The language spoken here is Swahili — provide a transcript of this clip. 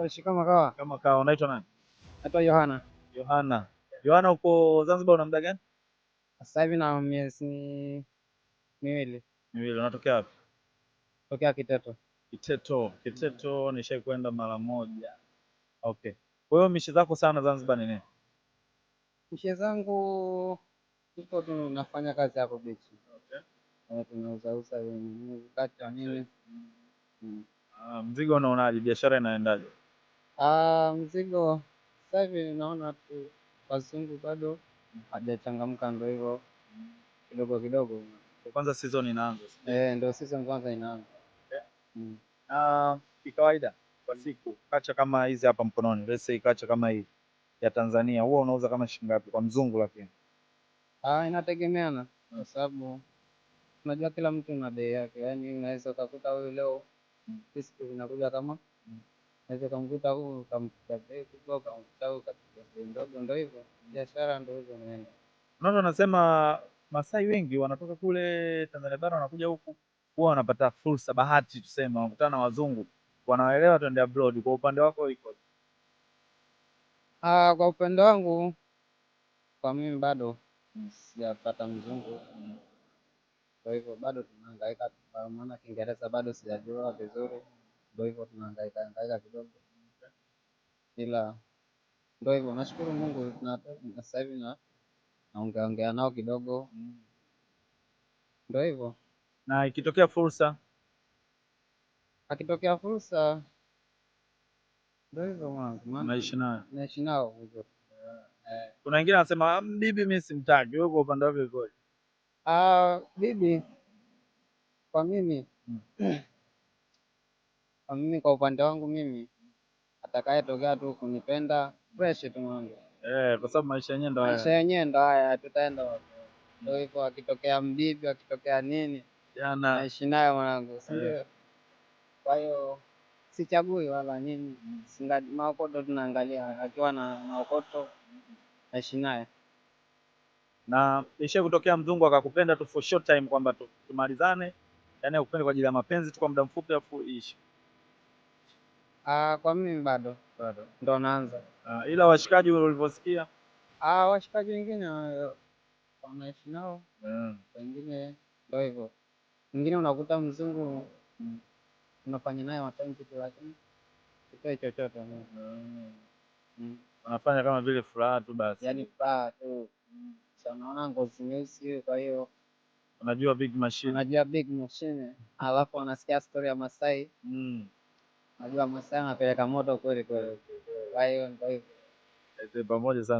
Naishi kama kawa. Kama kawa. Unaitwa nani? Naitwa Yohana. Yohana. Yohana, uko Zanzibar una muda gani? Sasa hivi na miezi miwili. Miwili. Unatokea wapi? Tokea Kiteto. Kiteto. Kiteto mm. Nishai kwenda mara moja. Okay. Kwa hiyo mishi zako sana Zanzibar ni nini? Mishi zangu tuko tunafanya kazi hapo beach. Okay. Tunauzauza kati wa nini? Ah, mzigo unaonaje? Biashara inaendaje? Ah, mzigo sasa naona tu wazungu bado hajachangamka, ndio hivyo kidogo kidogo. Kwanza season inaanza eh, ndio season kwanza inaanza yeah. mm. Uh, kikawaida kwa siku kacha kama hizi hapa mkononi, let's say kacha kama hii ya Tanzania huwa unauza kama shilingi ngapi kwa mzungu? Lakini ah, inategemeana kwa sababu unajua kila mtu na bei yake, yani unaweza ukakuta wewe leo mm. vinakuja kama mm. Unaweza kumkuta huu ukamkuta bei kubwa, kumkuta huu katika bei ndogo, ndio hivyo biashara, ndio hivyo inaenda. Unaona, wanasema Masai wengi wanatoka kule Tanzania bara wanakuja huku huwa wanapata fursa, bahati tuseme, wanakutana na wazungu, wanaelewa twende abroad. Kwa upande wako iko? Ah, kwa upande wangu kwa mimi bado sijapata mzungu, kwa hivyo bado tunahangaika, maana Kiingereza bado sijajua vizuri. Ndio hivyo tunahangaika hangaika kidogo ila ndio hivyo, nashukuru Mungu na sasa hivi na naongea ongea nao kidogo, ndio hivyo. Na ikitokea fursa, akitokea fursa, ndio hivyo mwanangu, naishi nayo naishi nao hivyo. Kuna wengine anasema ah, bibi, mimi simtaki wewe, kwa upande wako ikoje? Ah, bibi kwa mimi hmm. kwa Mimi kwa upande wangu mimi atakayetokea tu kunipenda fresh tu mwanangu. Eh, kwa sababu maisha yenyewe ndo haya. Maisha yenyewe ndo haya, tutaenda wapi? Ndio hivyo akitokea mbibi, akitokea nini? Jana naishi naye mwanangu, si ndio? Eh. Kwa hiyo sichagui wala nini. Singa maokoto tunaangalia akiwa na maokoto naishi naye. Na ishe kutokea mzungu akakupenda tu for short time kwamba tumalizane, yani akupende kwa ajili ya mapenzi tu kwa muda mfupi afu ishe Ah, kwa mimi bado bado ndo naanza. Ah, ila washikaji ulivyosikia? Ah, washikaji wengine wanaishi nao wengine ndo hivyo, wengine unakuta mzungu mm, unafanya naye watani kitu, lakini kitoi chochote unafanya mm. Mm. kama vile furaha tu basi, yaani furaha tu naona ngozi nyeusi, kwa hiyo unajua big machine, unajua big machine, alafu wanasikia story ya Masai mm. Unajua masaa anapeleka moto kweli kweli. Kwa hiyo ndio hivyo. Pamoja sana.